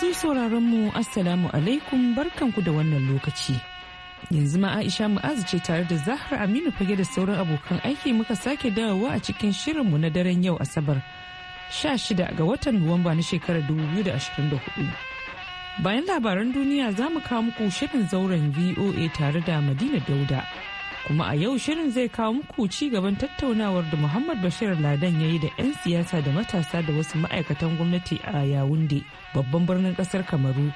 Masu sauraron mu Assalamu alaikum barkanku da wannan lokaci. Yanzu ma Aisha Mu'azu ce tare da zahar Aminu fage da sauran abokan aiki muka sake dawowa a cikin shirinmu na daren yau Asabar. 16 ga watan Nuwamba na shekarar 2024. Bayan labaran duniya za mu kawo muku shirin zauren VOA tare da Madina Dauda. kuma a yau shirin zai kawo muku ci gaban tattaunawar da muhammad bashir ladan ya yi da 'yan siyasa da matasa da wasu ma'aikatan gwamnati a yawunde babban birnin kasar kamaru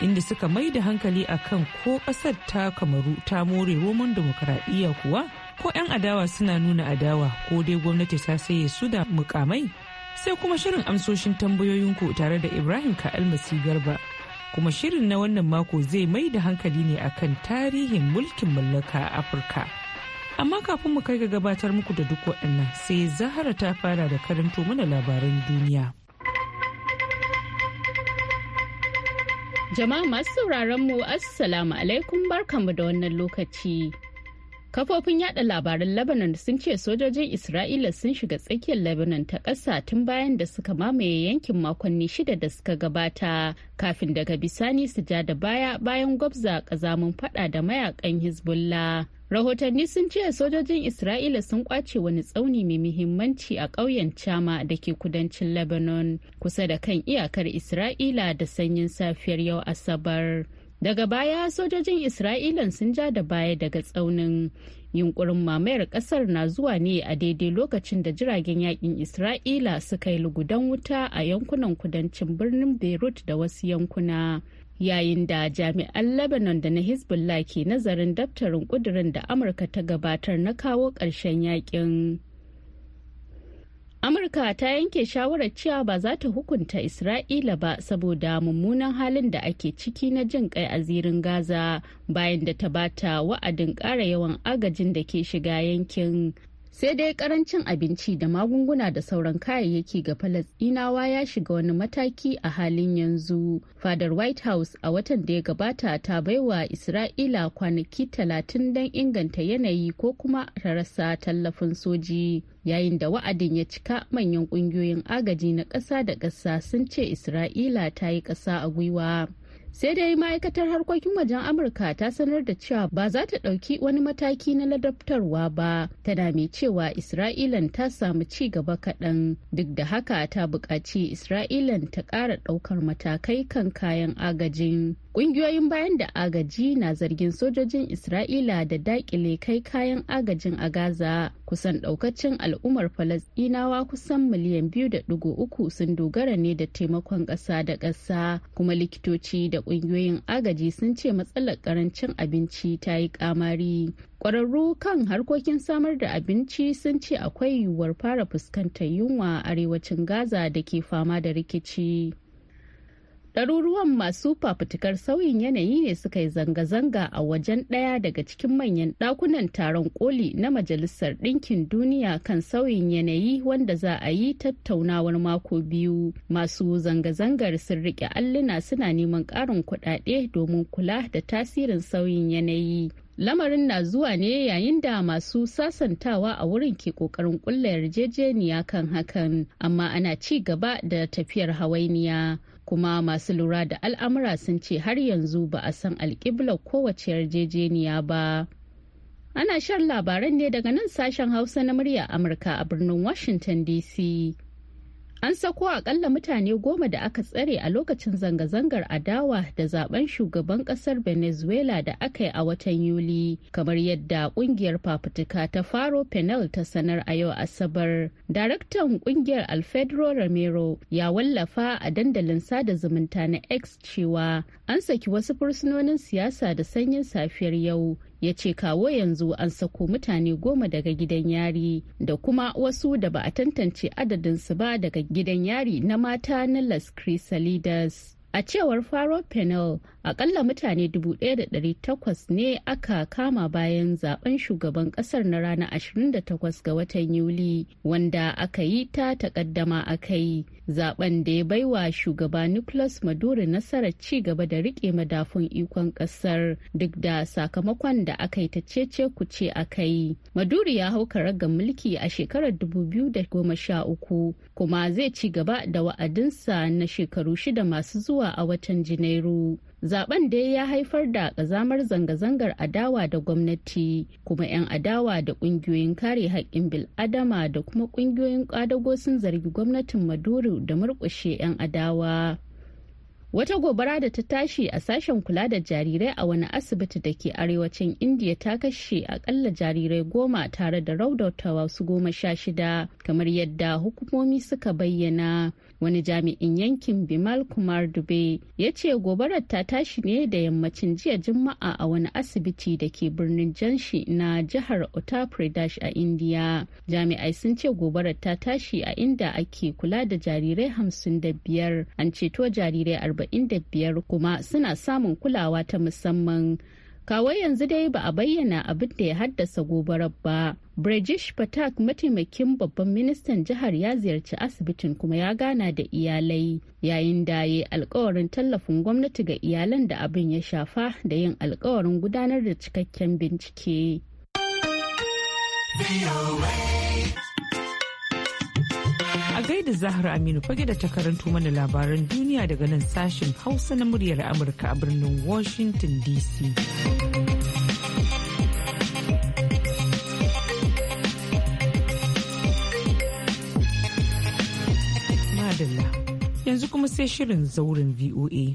inda suka mai da hankali a kan ko kasar ta kamaru ta more roman demokaradiyya kuwa ko 'yan adawa suna nuna adawa ko dai gwamnati ta saye su da mukamai sai kuma shirin amsoshin tambayoyinku tare da ibrahim ka'al garba kuma shirin na wannan mako zai mai da hankali ne akan tarihin mulkin mallaka a afirka amma kafin mu kai ga gabatar muku da duk waɗannan sai zahara ta fara da karanto mana labaran duniya jama'a masu sauraron mu assalamu alaikum barkanmu da wannan lokaci Kafofin yada labaran Lebanon sun ce sojojin Isra'ila sun shiga tsakiyar Lebanon ta ƙasa tun bayan da suka mamaye yankin makonni shida da suka gabata kafin daga bisani su ja da baya bayan gwabza ƙazamin fada da mayakan Hezbollah. Rahotanni sun ce sojojin Isra'ila sun kwace wani tsauni mai muhimmanci a ƙauyen Chama da ke kudancin Lebanon kusa da kan iyakar Isra'ila da sanyin safiyar yau Asabar. daga baya sojojin isra'ilan sun ja da baya daga tsaunin yunkurin mamayar kasar na zuwa ne a daidai lokacin da jiragen yakin isra'ila suka yi lugudan wuta a yankunan kudancin birnin beirut da wasu yankuna yayin da jami'an lebanon da na hezbollah ke nazarin daftarin kudirin da amurka ta gabatar na kawo ƙarshen yakin amurka ta yanke shawarar cewa ba za ta hukunta isra'ila ba saboda mummunan halin da ake ciki na jin kai a zirin gaza bayan da ta bata wa'adin ƙara yawan agajin da ke shiga yankin sai dai karancin abinci da magunguna da sauran kayayyaki ga falasdinawa ya shiga wani mataki a halin yanzu fadar white house a watan da ya gabata ta baiwa isra'ila kwanaki talatin don inganta yanayi ko kuma ta rasa tallafin soji yayin da wa'adin ya cika manyan kungiyoyin agaji na ƙasa da ƙasa sun ce isra'ila ta yi ƙasa a gwiwa sai dai ma'aikatar harkokin wajen amurka ta sanar da cewa ba za ta ɗauki wani mataki na ladabtarwa ba tana mai cewa isra'ilan ta samu ci gaba kaɗan duk da haka ta buƙaci isra'ilan ta ƙara ɗaukar matakai kan kayan agajin ƙungiyoyin bayan da agaji na zargin sojojin isra'ila da daƙile kai kayan agajin a gaza kusan ɗaukacin al'ummar falasɗinawa kusan miliyan biyu da uku sun dogara ne da taimakon ƙasa da ƙasa kuma likitoci da kungiyoyin agaji sun ce matsalar karancin abinci ta yi kamari kwararru kan harkokin samar da abinci sun ce akwai yiwuwar fara fuskantar yunwa a arewacin gaza da ke fama da rikici ɗaruruwan masu fafutukar sauyin yanayi ne suka yi zanga-zanga a wajen ɗaya daga cikin manyan ɗakunan taron koli na majalisar ɗinkin duniya kan sauyin yanayi wanda za a yi tattaunawar mako biyu masu zanga-zangar sun riƙe alluna suna neman ƙarin kuɗaɗe domin kula da tasirin sauyin yanayi lamarin na zuwa ne yayin da masu sasantawa a wurin ke ƙoƙarin kulla yarjejeniya kan hakan amma ana ci gaba da tafiyar hawainiya kuma masu lura da al'amura sun ce har yanzu ba a san alƙiblar kowace yarjejeniya ba ana shan labaran ne daga nan sashen hausa na murya amurka a birnin washington dc An sako akalla mutane goma da aka tsare a lokacin zanga-zangar adawa da zaben shugaban kasar Venezuela da aka yi a watan Yuli, kamar yadda kungiyar fafutuka ta Faro Penal ta sanar a yau Asabar. Daraktan kungiyar Alfredo Ramiro ya wallafa a dandalin sada zumunta na X cewa an saki wasu fursunonin siyasa da sanyin safiyar yau ya ce kawo yanzu an sako mutane goma daga gidan yari da kuma wasu da ba a tantance adadinsu ba daga gidan yari na mata na las crisalidas A cewar Faro Penel, akalla mutane 1,800 ne aka kama bayan zaben shugaban kasar na ranar 28 ga watan Yuli, wanda aka yi ta takaddama aka yi. Zaben da ya baiwa shugaba Nicolas Maduro nasarar ci gaba da rike madafun ikon kasar duk da sakamakon da aka yi ta cece kuce aka yi. Maduro ya hau karagar mulki a shekarar 2013 kuma zai ci gaba da wa'adinsa na shekaru shida masu zuwa a watan janairu zaben dai ya haifar da kazamar zanga-zangar adawa da gwamnati kuma 'yan adawa da kungiyoyin kare haƙƙin bil'adama da kuma kungiyoyin ƙadago sun zargi gwamnatin maduro da murƙushe 'yan adawa Wata gobara da ta tashi a sashen kula da jarirai a wani asibiti da ke arewacin Indiya ta kashe akalla jarirai goma tare da raudata wasu goma sha shida kamar yadda hukumomi suka bayyana. Wani jami'in yankin Bimal Kumar Dube ya ce gobarar ta tashi ne da yammacin jiya Juma'a a wani asibiti da ke birnin Janshi na jihar Uttar Pradesh a Indiya. Jami'ai sun ce gobarar ta tashi a inda ake kula da jarirai hamsin da biyar an ceto jarirai arba 45 kuma suna samun kulawa ta musamman. Kawai yanzu dai ba a bayyana abin da ya haddasa gobarar ba. British Patak mataimakin babban ministan jihar ya ziyarci asibitin kuma ya gana da iyalai yayin da ya alkawarin tallafin gwamnati ga iyalan da abin ya shafa da yin alkawarin gudanar da cikakken bincike. A gaida Zahra Aminu fage da ta karanto mana labaran duniya daga nan sashen Hausa na muryar Amurka a birnin Washington DC. yanzu kuma sai shirin zauren VOA.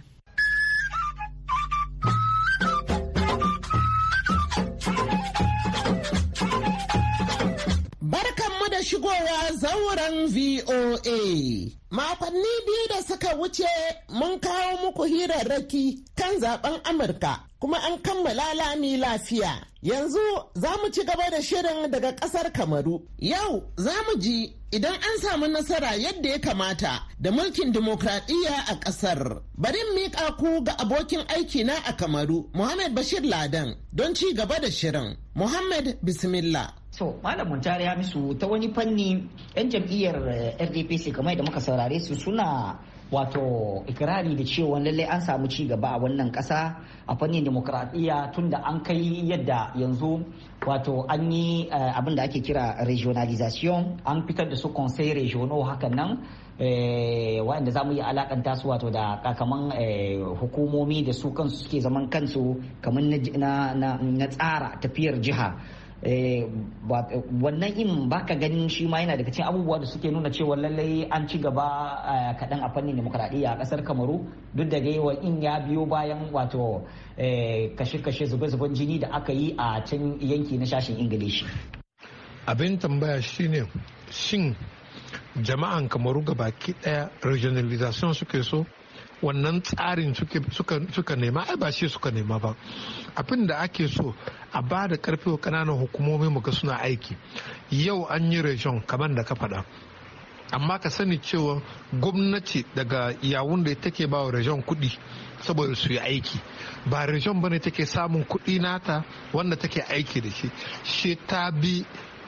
Hausan VOA. Makonni biyu da suka wuce mun kawo muku hirarraki kan zaben Amurka kuma an kammala lami lafiya. Yanzu za mu ci gaba da shirin daga ƙasar Kamaru. Yau za mu ji idan an samu nasara yadda ya kamata da mulkin dimokuraɗiyya a ƙasar. Bari miƙa ku ga abokin aikina a Kamaru, Muhammad Bashir Ladan, don ci gaba da shirin. Muhammad Bismillah. To, Malam Muntari Hamisu ta wani fanni 'yan jam'iyyar RDPC eh, kamar da muka saurare su suna wato ikirari da cewa lallai an samu ci gaba a wannan kasa a fannin demokradiyya tun da an kai yadda yanzu wato an yi eh, abin da ake kira regionalization an fitar da su conseil regional hakan nan eh, waɗanda za mu yi alakanta su wato da kakaman hukumomi da su kansu suke zaman kansu kamar na tsara tafiyar jiha Eh, wannan in baka ganin shi ma yana daga cikin abubuwa da suke nuna cewa lallai an ci gaba eh, kaɗan a fannin demokradiyya a ƙasar kamaru duk da dai in ya biyo bayan wato eh, kashe-kashe zube-zuben jini da aka yi a can yanki na shashin ingilishi abin tambaya shine shin jama'an kamaru ki daya regionalization suke so wannan tsarin suka nema ai ba shi suka nema ba abin da ake so a ba da karfe wa kananan hukumomi mu ga suna aiki yau an yi reshon kamar da ka faɗa amma ka sani cewa gwamnati daga yawun da take ba wa rajon kuɗi saboda su yi aiki ba rajon ba ne take samun kuɗi nata wanda take aiki da shi shi ta bi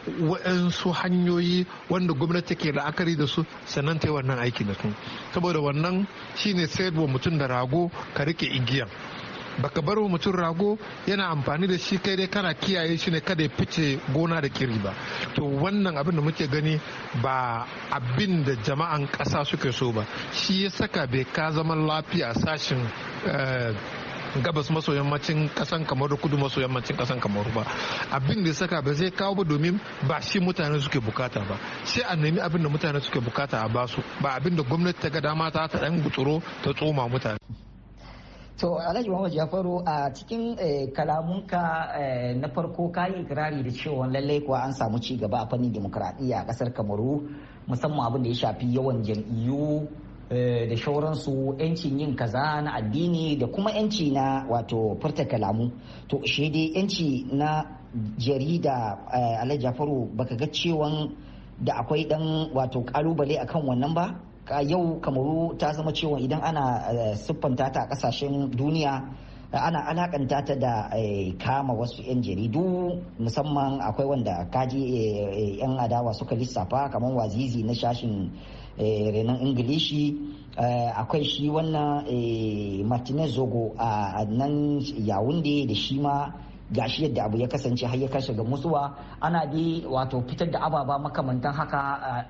waɗansu hanyoyi wanda gwamnati ke la'akari da su sannan ta yi wannan aiki da su saboda wannan shine wa mutum da rago ka rike igiyan baka bar mutum rago yana amfani da shi kai dai kana kiyaye shi ne kada ya fice gona da kiri ba to wannan abin da muke gani ba abin da jama'an ƙasa suke so ba shi ya saka bai ka zaman lafiya sashin eh, gabas maso yammacin kasan kamaru kudu maso yammacin kasan kamaru ba abin da saka ba zai kawo ba domin ba shi mutane suke bukata ba sai a nemi abin da mutane suke bukata a basu ba abin da gwamnati ta ga dama ta ta dan gutsuro ta tsoma mutane to alhaji muhammad jafaru a cikin eh, kalamunka eh, na farko ka yi ikirari da cewa lallai kuwa an samu ci gaba a fannin demokradiyya a kasar kamaru musamman abin da ya shafi yawan jam'iyyu Eh, da shauransu yancin yin kaza na addini da kuma yanci na wato furta kalamu to shi dai yanci na jarida eh, ala jafaru baka ga cewa da akwai dan wato kalubale akan wannan ba yau kamaru ta zama cewa idan ana eh, siffanta ta a kasashen duniya ana alakanta ta da kama wasu 'yan jaridu musamman akwai wanda kaji 'yan adawa suka lissafa kamar wazizi na shashin Eh, renan ingilishi eh, akwai shi wannan eh, martinez zogo a nan yawunde da shi ma shi yadda abu ya kasance har ya kashe ga musuwa ana dai wato fitar da ababa makamantan haka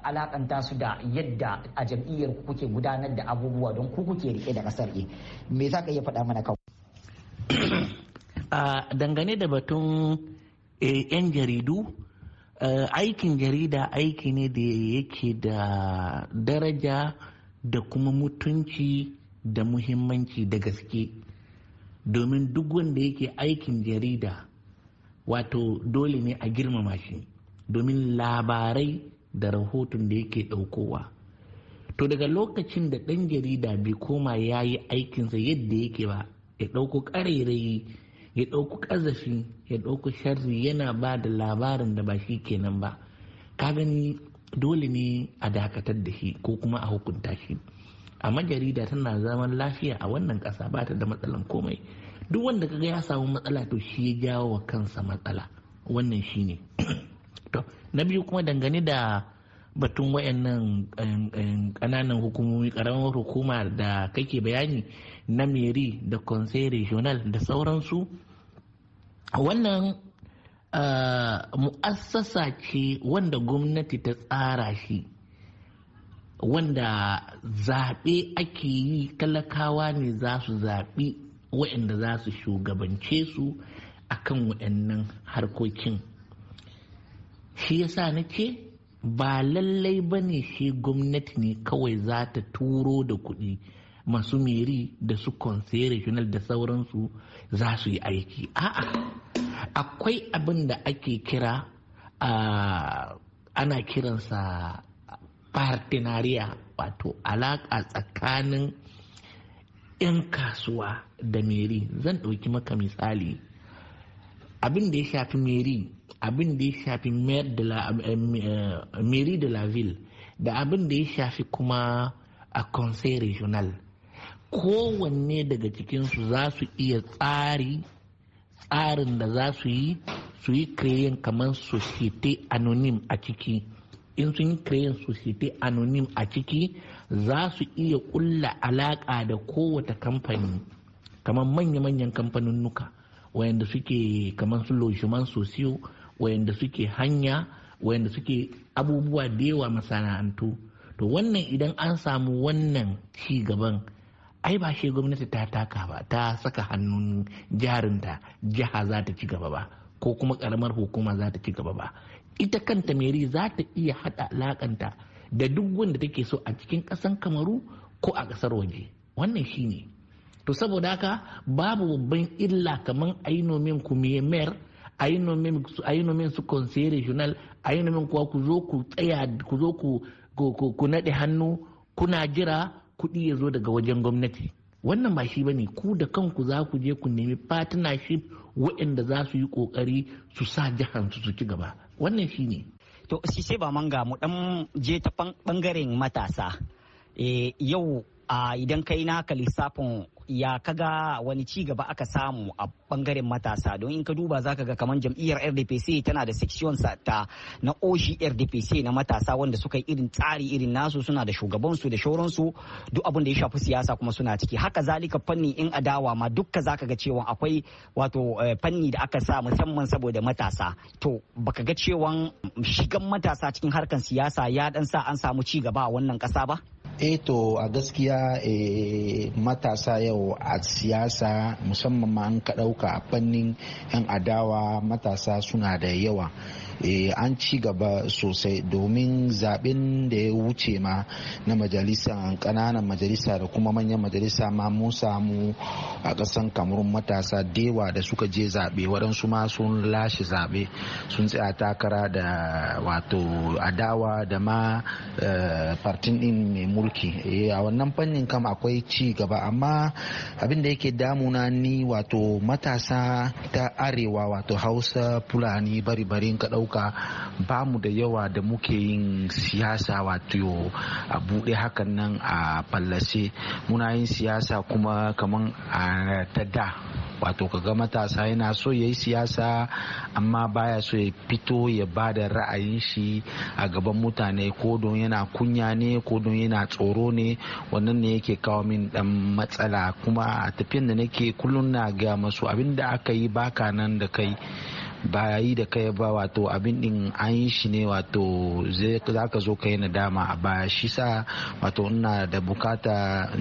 alakanta su da yadda a jam'iyyar ku kuke gudanar da abubuwa don ku kuke rike da kasar e me za ka iya faɗa mana kawai a ah, dangane da batun 'yan jaridu Eh, aikin jarida aiki ne da yake da daraja da kuma mutunci da muhimmanci da gaske domin duk wanda yake aikin jarida wato dole ne a girmama shi domin labarai da rahoton da yake ɗaukowa to daga lokacin da ɗan jarida bai koma ya yi aikinsa yadda yake ba ya ɗauko ƙarairayi ya ɗauku ƙazafi ya ɗauku sharri yana ba da labarin da ba shi kenan ba ka gani dole ne a dakatar da shi ko kuma a hukunta shi amma jarida tana zaman lafiya a wannan ƙasa ba ta da matsalan komai duk wanda kaga ya samu matsala to shi ya jawo wa kansa matsala wannan shine to na biyu kuma dangane da batun wayannan kananan eh, eh, hukumomi ƙaramar hukuma da kake bayani na meri da conseil regional da sauransu wannan eh, mu'assasa ce wanda gwamnati ta tsara shi wanda zaɓe ake yi talakawa ne za su zaɓi waɗanda za su shugabance su akan kan waɗannan harkokin shi yasa na ce ba lallai ba ne shi gwamnati ne kawai za ta turo da kuɗi masu meri da su conseil regional da sauransu za su yi aiki a'a akwai abin da ake kira a ana kiransa partenariya wato alaƙa tsakanin 'yan kasuwa da meri zan ɗauki maka misali abin da ya shafi meri abin da ya shafi eh, eh, mairie de la ville da abin da ya shafi kuma a conseil regional kowanne daga cikinsu za su iya tsari tsarin da za su yi su yi kreyen kamar societe anonim a ciki in sun yi kreyen societe anonim a ciki za su iya kulla alaka da kowace kamfani kamar manya-manyan kamfanin nuka wayanda suke kamar su lojiman sosiyo wayanda suke hanya wayanda suke abubuwa da yawa masana'antu to wannan idan an samu wannan ci gaban ai ba shi gwamnati ta taka ba ta saka hannun jarinta jiha za ta ci gaba ba ko kuma karamar hukuma za ta ci gaba ba ita kanta meri za ta iya hada alakanta da duk wanda take so a cikin kasan kamaru ko a kasar waje wannan shine to saboda haka babu babban illa kamar ainomin kumiyemiyar a yi nomin su conseil regional a yi nomin kuwa ku zo ku tsaya ku zo ku naɗe hannu kuna jira kuɗi ya zo daga wajen gwamnati wannan ba shi ba ne ku da kanku za ku je ku nemi partnership waɗanda za su yi ƙoƙari su sa jihansu su ci gaba wannan shi ne to sai ba manga mu dan je ta bangaren matasa eh, yau idan kai naka lissafin ya kaga wani ci gaba aka samu a bangaren matasa don in ka duba za ka ga kamar jam'iyyar RDPC tana da section ta na oshi RDPC na matasa wanda suka yi irin tsari irin nasu suna da shugabansu da shauransu duk abin da ya shafi siyasa kuma suna ciki haka zalika fanni in adawa ma dukka ka ga cewa akwai wato eh, fanni da aka sa musamman saboda matasa to baka ga cewa shigan matasa cikin harkan siyasa ya dan sa an samu ci gaba a wannan kasa ba eh to a gaskiya eh, matasa yau a siyasa musamman ma an ka ɗauka a fannin 'yan adawa matasa suna da yawa Eh, an ci gaba sosai domin zaɓen da ya wuce ma na majalisa ƙananan majalisa da kuma manyan majalisa ma mun samu a ƙasan kamarun matasa dewa da suka je zaɓe waɗansu ma sun lashe zaɓe sun tsaya takara da wato adawa da ma eh, partin ɗin mai mulki eh, a wannan fannin kam akwai ci gaba amma abin da yake damuna ni wato matasa ta arewa wato hausa fulani bari-barin ka ɗauka ɗauka ba mu da yawa da muke yin siyasa wato a bude hakan nan a fallase muna yin siyasa kuma kamar a ta da wato kaga matasa yana so ya yi siyasa amma baya so ya fito ya ba da ra'ayin shi a gaban mutane ko don yana kunya ne ko don yana tsoro ne wannan ne yake kawo min dan matsala kuma a tafiyan da nake kullum na gaya masu abinda aka yi baka nan da kai ba yi da kai ba wato abin din an yi shi ne wato za ka zo kai nadama a baya shi sa wato ina da bukata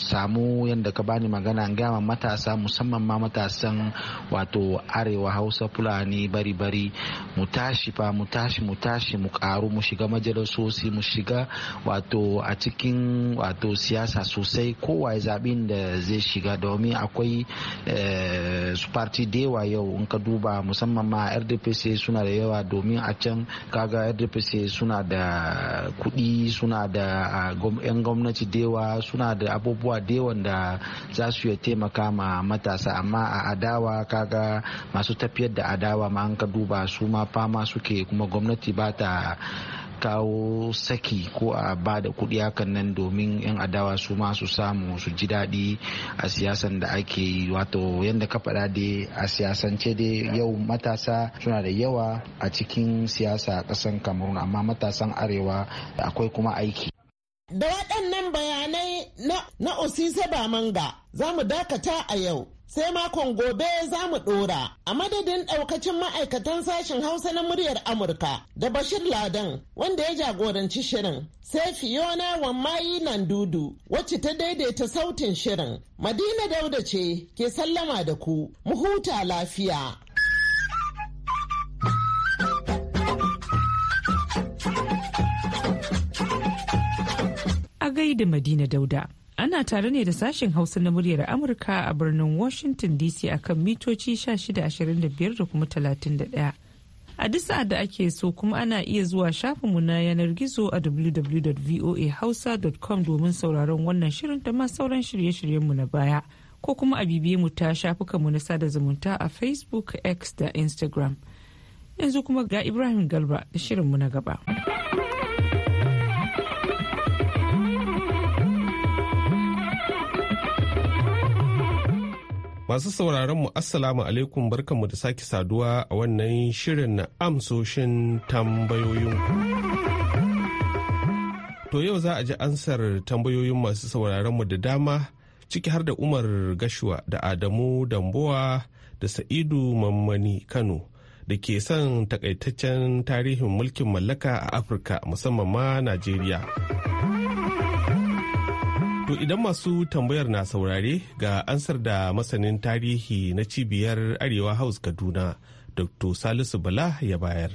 samu yadda ka bani magana gama matasa musamman ma matasan wato arewa hausa fulani bari-bari mu tashi fa mu tashi mu tashi mu karu mu shiga majalisosi mu shiga wato a cikin wato siyasa sosai kowa ya da zai shiga domin akwai eh, su party dewa yau in ka duba musamman musamman ma rdpc suna da yawa domin a can kaga rdpc suna da kuɗi suna da 'yan gwamnati dewa suna da abubuwa dewan da za su iya taimaka ma matasa amma a adawa kaga masu tafiyar da adawa ma an ka duba su ma fama suke kuma gwamnati ba ta kawo saki ko a ba da kuɗi hakan nan domin 'yan adawa su ma su samu su ji daɗi a siyasan da ake yi wato yadda ka faɗa dai a siyasance dai yau matasa suna da yawa a cikin siyasa a ƙasan kamarun amma matasan arewa akwai kuma aiki Da waɗannan bayanai na Osise manga. za mu dakata a yau. Sai makon gobe za mu ɗora a madadin ɗaukacin ma'aikatan sashen Hausa na muryar Amurka da Bashir Ladan wanda ya jagoranci shirin. Sai Fiona Wammayi dudu wacce ta daidaita sautin shirin. Madina Dauda ce ke sallama da ku, mu huta lafiya. da Madina Dauda. Ana tare ne da sashen Hausa na muryar Amurka a birnin Washington DC akan mitoci 1625 da kuma 31. A duk sa'ad da ake so kuma ana iya zuwa shafinmu na yanar gizo a www.voahausa.com domin sauraron wannan shirin da ma sauran shirye-shiryenmu na baya. Ko kuma a bibiye mu ta shafukanmu na sada zumunta a Facebook, X da Instagram. Yanzu kuma ga Ibrahim Galba da shirinmu na gaba. Masu sauraron mu Assalamu alaikum barkanmu da sake saduwa a wannan shirin na amsoshin tambayoyinku. To yau za a ji ansar tambayoyin masu sauraron mu da dama ciki har da Umar Gashuwa da Adamu Damboa da Sa'idu Mammani Kano da ke son takaitaccen tarihin mulkin mallaka a Afirka musamman ma Najeriya. To idan masu tambayar na saurare ga ansar da masanin tarihi na cibiyar Arewa House Kaduna, Dr. Salisu Bala ya bayar.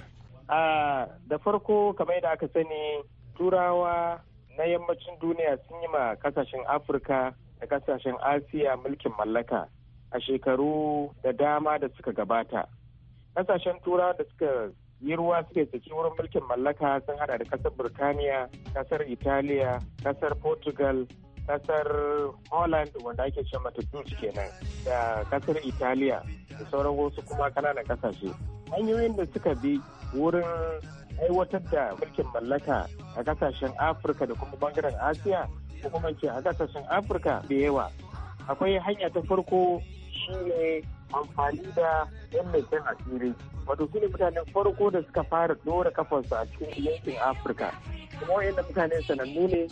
Da farko kamar yadda aka sani turawa na yammacin duniya sun yi ma kasashen Afirka da kasashen Asiya mulkin mallaka a shekaru da dama da suka gabata. Kasashen turawa da suka yi ruwa suke saki wurin mulkin mallaka sun hada da kasar burtaniya kasar italiya kasar portugal kasar holland wanda ake ce mata dutch kenan da kasar italiya da sauran wasu kuma kananan kasashe hanyoyin da suka bi wurin aiwatar da mulkin mallaka a kasashen afirka da kuma bangaren asiya ko kuma ce a kasashen afirka da yawa akwai hanya ta farko shine amfani da yan mai asiri wato su ne mutanen farko da suka fara dora kafarsu a cikin yankin afirka kuma wayannan mutane sanannu ne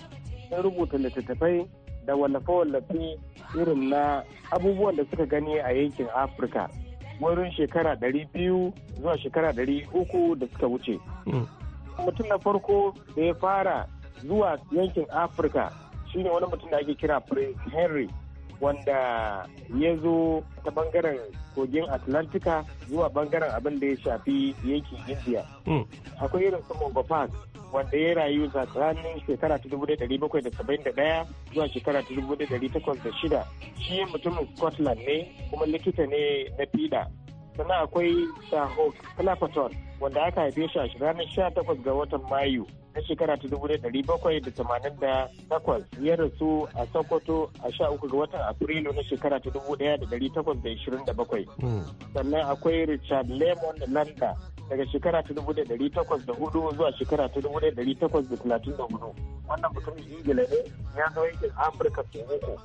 sun rubuta littattafai da wallafa wallafe irin na abubuwan da suka gani a yankin afirka wurin shekara biyu zuwa shekara uku da suka wuce hmm. mutum na farko da ya fara zuwa yankin afirka shine wani mutum da ake kira prince henry wanda ya zo ta bangaren kogin atlantika zuwa bangaren abin da ya shafi yankin india hmm. akwai irin su mongo wanda ya rayu tsakanin shekara ta dubu ɗari bakwai da saba'in da ɗaya zuwa shekara ta dubu ɗari takwas da shida shi mutumin scotland ne kuma likita ne na fiɗa sannan akwai sahok clapperton wanda aka haife shi a ranar sha takwas ga watan mayu na shekara ta dubu ɗari bakwai da tamanin da takwas ya rasu a sokoto a sha uku ga watan afrilu na shekara ta dubu ɗaya da ɗari takwas da ishirin da bakwai hmm. sannan akwai richard lemon landa daga shekara ta dubu ɗari takwas da hudu zuwa shekara ta dubu ɗari takwas da talatin da hudu wannan mutumin ingila ne ya zo yankin amurka sau uku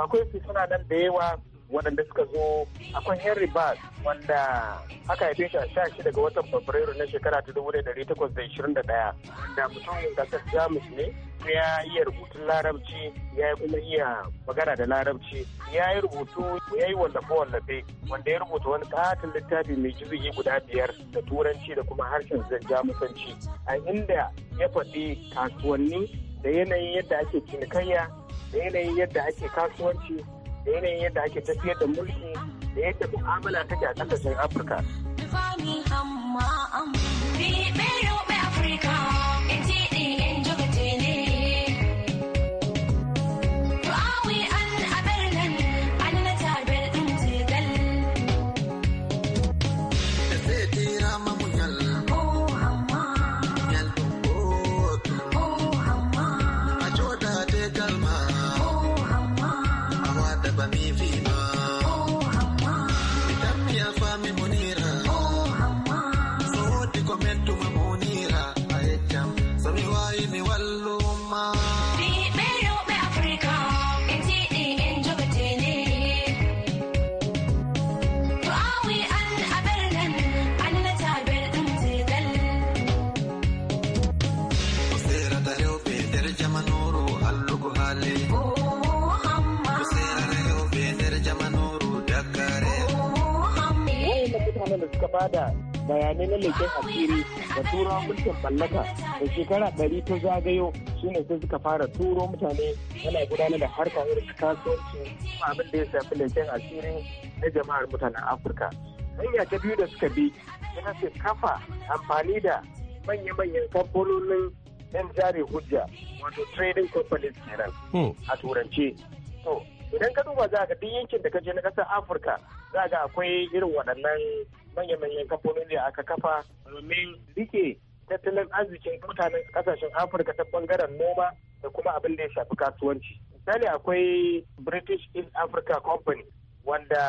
akwai su suna nan da yawa waɗanda suka zo akwai henry bass wanda aka haife shi a sha shi daga watan fabrairu na shekara ta dubu ɗari takwas da ishirin da da mutumin gasar jamus ne ya iya rubutun larabci ya yi kuma iya magana da larabci ya yi rubutu ya yi wallafe wallafe wanda ya rubuta wani katin littafi mai jirgi guda biyar da turanci da kuma harshen jamusanci a inda ya faɗi kasuwanni da yanayin yadda ake cinikayya da yanayin yadda ake kasuwanci da yanayin yadda ake tafiyar da mulki da yadda mu'amala take a ƙasashen afirka. da suka da bayanai na leken asiri da turawa mulkin mallaka da shekara ɗari ta zagayo su ne sai suka fara turo mutane yana gudanar da harka irin kasuwanci abin da ya shafi leken asiri na jama'ar mutanen afirka hanya ta biyu da suka bi ita ce kafa amfani da manya-manyan kamfanonin yan jari hujja wato trading companies kenan hmm. a turance idan ka duba za ka duk yankin da ka je na ƙasar afirka za ga akwai irin waɗannan manya-manyan kamfanoni da aka kafa domin rike tattalin arzikin mutanen ƙasashen afirka ta bangaren noma da kuma abin da ya shafi kasuwanci misali akwai british east africa company wanda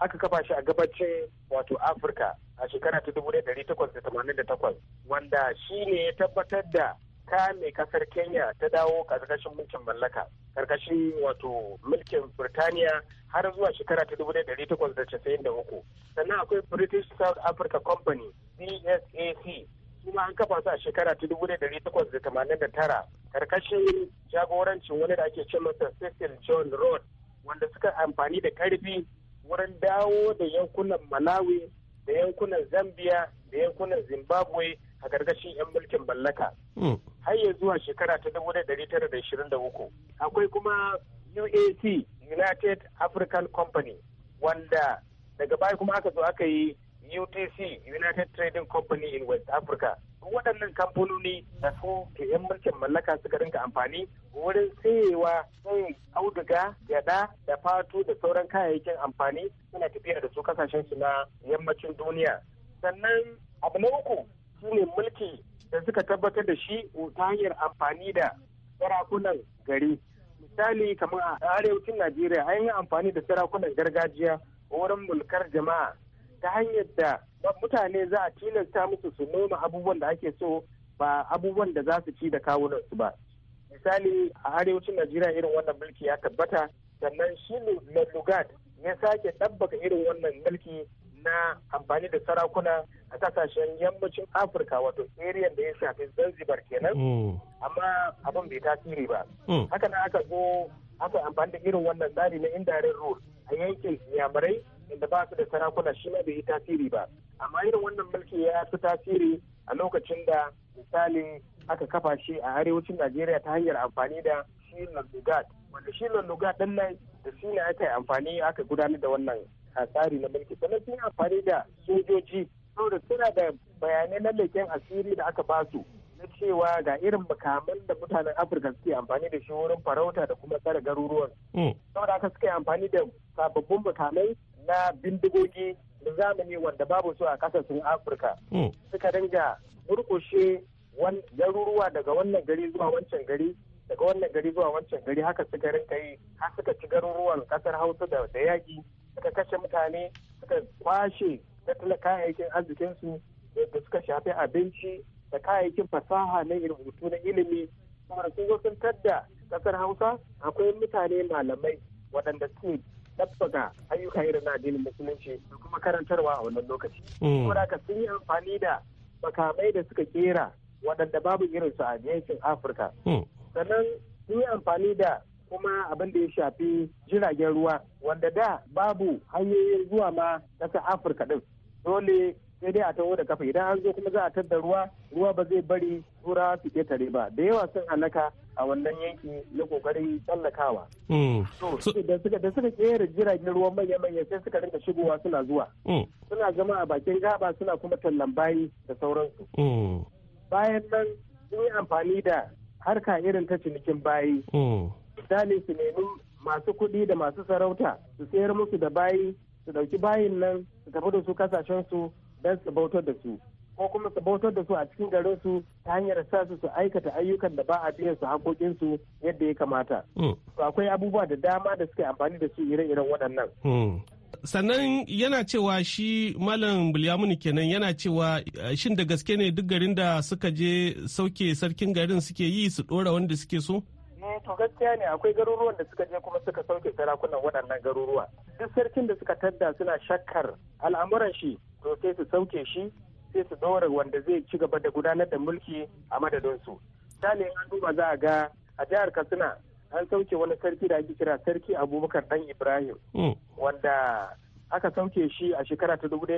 aka kafa shi a gabacin wato afirka a shekara ta 1888 wanda shi ne ya tabbatar da mai kasar kenya ta dawo karkashin mulkin mallaka karkashin wato mulkin birtaniya har zuwa shekara ta dubu sannan akwai british south africa company bsac kuma an kafa su a shekara ta 1889 karkashin jagorancin wani da ake ce masa cecil john road wanda suka amfani da karfi wurin dawo da yankunan malawi da yankunan zambia da yankunan zimbabwe a gargashin 'yan mulkin mallaka hmm. har ya zuwa shekara ta 1923 akwai kuma uac united african company wanda daga baya kuma aka zo aka yi utc united trading company in west africa waɗannan kamfanoni da su ke 'yan mulkin mallaka suka rinka amfani wurin sayewa sai auduga gyada da fatu da sauran kayayyakin amfani suna tafiya da su kasashen su na yammacin duniya sannan abu na uku ne mulki da suka tabbatar da shi ta hanyar amfani da sarakunan gari misali kamar a arewacin najeriya an yi amfani da sarakunan gargajiya wurin mulkar jama'a ta hanyar da mutane za a tilasta musu su noma abubuwan da ake so ba abubuwan da za su ci da kawunansu ba misali a arewacin najeriya irin wannan mulki ya tabbata sannan shi lugard ya sake ɗabbaka irin wannan mulki na amfani da sarakuna a kasashen yammacin afirka wato area da ya shafi zanzibar kenan mm. amma abin bai tasiri ba mm. haka nan aka zo aka amfani da irin wannan tsari na indirect rule a yankin yamurai inda ba su da sarakuna shi ma bai yi tasiri ba amma irin wannan mulki ya fi tasiri a lokacin da misali aka kafa shi a arewacin najeriya ta hanyar amfani da shi lalugat wanda shi lalugat din nan da shi ne aka yi amfani aka gudanar da wannan a tsari na mulki sannan sun amfani da sojoji saboda suna da bayanai na leken asiri da aka basu na cewa ga irin makaman da mutanen afirka suke amfani da shi wurin farauta da kuma tsare garuruwan hmm. saboda haka suke amfani da sababbin makamai na bindigogi na zamani wanda babu su a kasashen afirka hmm. suka dinga murkushe garuruwa daga wannan gari zuwa wancan gari daga wannan gari zuwa wancan gari haka suka rinka yi har suka ci garuruwan kasar hausa da yaƙi suka kashe mutane suka kwashe tattalin kayayyakin arzikinsu da suka shafi abinci da kayayyakin fasaha na rubutu na ilimi kuma sun sun tadda kasar hausa akwai mutane malamai waɗanda suke ɗabbaga ayyuka irin na addinin musulunci da kuma karantarwa a wannan lokaci. Kuma mm. haka sun yi amfani da makamai da suka kera waɗanda babu irinsu a yankin Afirka. Mm. Sannan sun yi amfani da kuma abin da ya shafi jiragen ruwa wanda da babu hanyoyin zuwa ma ƙasar afirka din dole sai dai a taho da kafa idan an zo kuma za a tadda ruwa ruwa ba zai bari tura su tare ba da yawa sun halaka a wannan yanki na kokarin tsallakawa. Hmm. Da suka kera jiragen ruwan manya-manya sai suka rinka shigowa suna zuwa. Hmm. Suna zama a bakin gaba suna kuma tallan bayi da sauransu. Hmm. Bayan nan sun yi amfani da harka irin ta cinikin bayi. misali su nemi masu kuɗi da masu sarauta su sayar musu da bayi su ɗauki bayin nan su tafi da su kasashen su don su bautar da su ko kuma su bautar da su a cikin garin su ta hanyar sa su su aikata ayyukan da ba a biyan su hakokin su yadda ya kamata. Hmm. To akwai abubuwa da dama da suke amfani da su ire-iren waɗannan. Hmm. Sannan yana cewa shi Malam Bulyamuni kenan yana cewa eh, shin da gaske ne duk garin da suka je sauke sarkin garin suke yi su ɗora wanda suke so? Eh, to gaskiya ne akwai garuruwan da suka je kuma suka sauke sarakunan waɗannan garuruwa duk sarkin da suka tadda suna shakkar al'amuran shi to sai su sauke shi sai su daura wanda zai ci gaba da gudanar da mulki a madadin su misali an duba za a ga a jihar katsina an sauke wani sarki da ake kira sarki abubakar dan ibrahim hmm. wanda aka sauke shi a shekara ta dubu da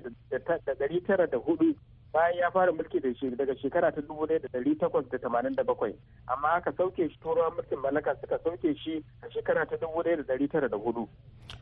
dari tara da hudu bayan ya fara mulki da shi daga shekara ta dubu daya da ɗari takwas da tamanin da bakwai amma aka sauke shi turawa mulkin mallaka suka sauke shi a shekara ta dubu daya da ɗari tara da hudu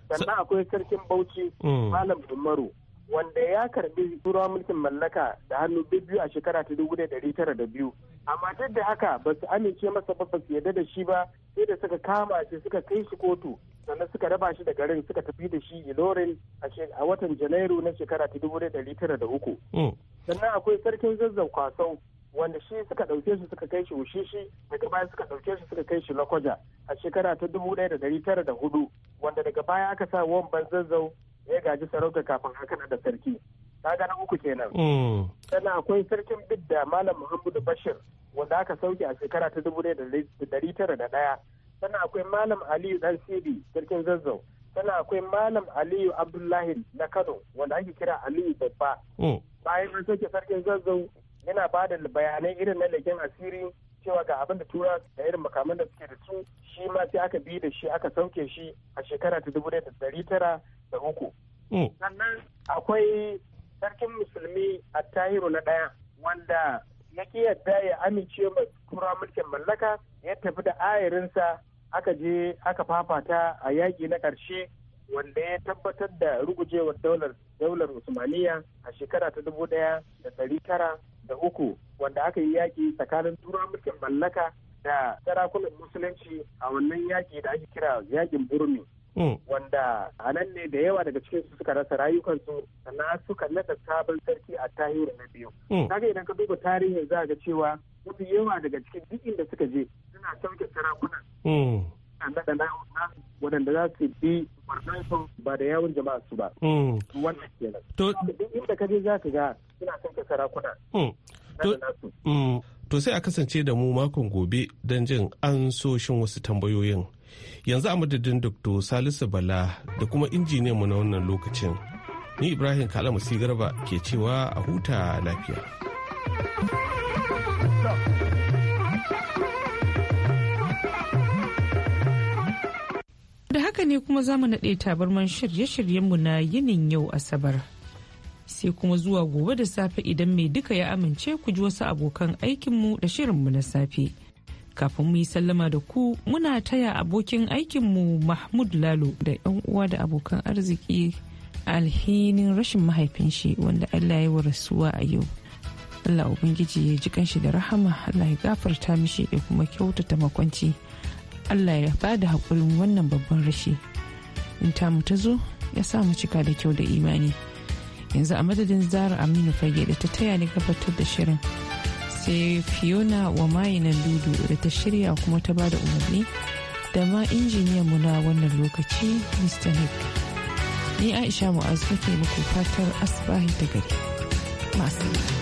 sannan akwai sarkin bauchi mm. malam umaru wanda ya karbi turawa mulkin mallaka da hannu biyu a shekara ta dubu daya da ɗari tara da biyu amma duk da haka ba su amince masa ba ba su yarda da shi ba sai da suka kama shi suka kai shi kotu sannan suka raba shi da garin suka tafi da shi ilorin a watan janairu na shekara ta dubu da dari tara da uku mm. sannan akwai sarkin zazzau kwasau wanda shi suka ɗauke shi suka kai shi ushishi daga baya suka ɗauke shi suka kai shi lokoja a shekara ta dubu ɗaya da dari tara da hudu wanda daga baya aka sa wamban zazzau ya gaji sarauta kafin haka na da sarki kaga na uku kenan mm. sannan akwai sarkin bidda malam muhammadu bashir wanda aka sauke a shekara ta dubu ɗaya da dari tara da ɗaya sannan akwai malam aliyu dan sidi sarkin zazzau sannan akwai malam aliyu abdullahi na kano wanda ake kira aliyu babba oh. bayan da soke sarkin zazzau yana ba da bayanai irin na leken asiri cewa ga abin da tura da irin makaman da suke da su shi ma sai aka bi da shi aka sauke shi a shekara ta dubu da dari tara da uku. Oh. sannan akwai sarkin musulmi a tahiru na ɗaya wanda ya ki yadda ya amince ma tura mulkin mallaka ya tafi da ayarinsa aka je aka fafata a yaƙi na ƙarshe wanda ya tabbatar da rugujewar daular daular usmaniya a shekara ta dubu ɗaya da ɗari tara da uku wanda aka yi yaƙi tsakanin tura mulkin mallaka da sarakunan musulunci a wannan yaƙi da ake kira yaƙin burmi Mm. wanda a nan ne da yawa daga cikinsu suka rasa rayukansu sannan suka nada sabon sarki a tahiru na biyu mm. kaga idan ka duba tarihin za ga cewa mafi yawa daga cikin duk inda suka je suna sauke sarakunan mm. naɗa na waɗanda za su bi su ba da yawun jama'a su ba wannan kenan duk inda ka je za ka ga suna sauke sarakuna to sai a kasance da mu makon gobe don jin an shin wasu tambayoyin yanzu a madadin dr salisu bala da kuma injiniyan mu na wannan lokacin ni ibrahim kalamu garba ke cewa a huta lafiya da haka ne kuma za mu naɗe tabarman shirye-shiryenmu na yinin yau asabar sai kuma zuwa gobe da safe idan mai duka ya amince ku ji wasu abokan aikinmu da shirinmu na safe. kafin mu yi sallama da ku muna taya abokin aikinmu mahmud lalo da 'yan uwa da abokan arziki alhinin rashin mahaifin shi wanda allah ya wa rasuwa a yau allah ubangiji ya ji kanshi da rahama allah ya gafarta mishi ya kuma kyautata makwanci allah ya ba da haƙurin wannan babban rashi in tamu ta zo ya sa mu cika da kyau da imani yanzu a madadin zara aminu fage da ta taya ni gabatar da shirin sai fiona wa mayinan dudu da ta shirya kuma ta bada umarni da ma injiniyan mu na wannan lokaci mr nick ni aisha mu'azu kake muku fatar asibahi ta gari masu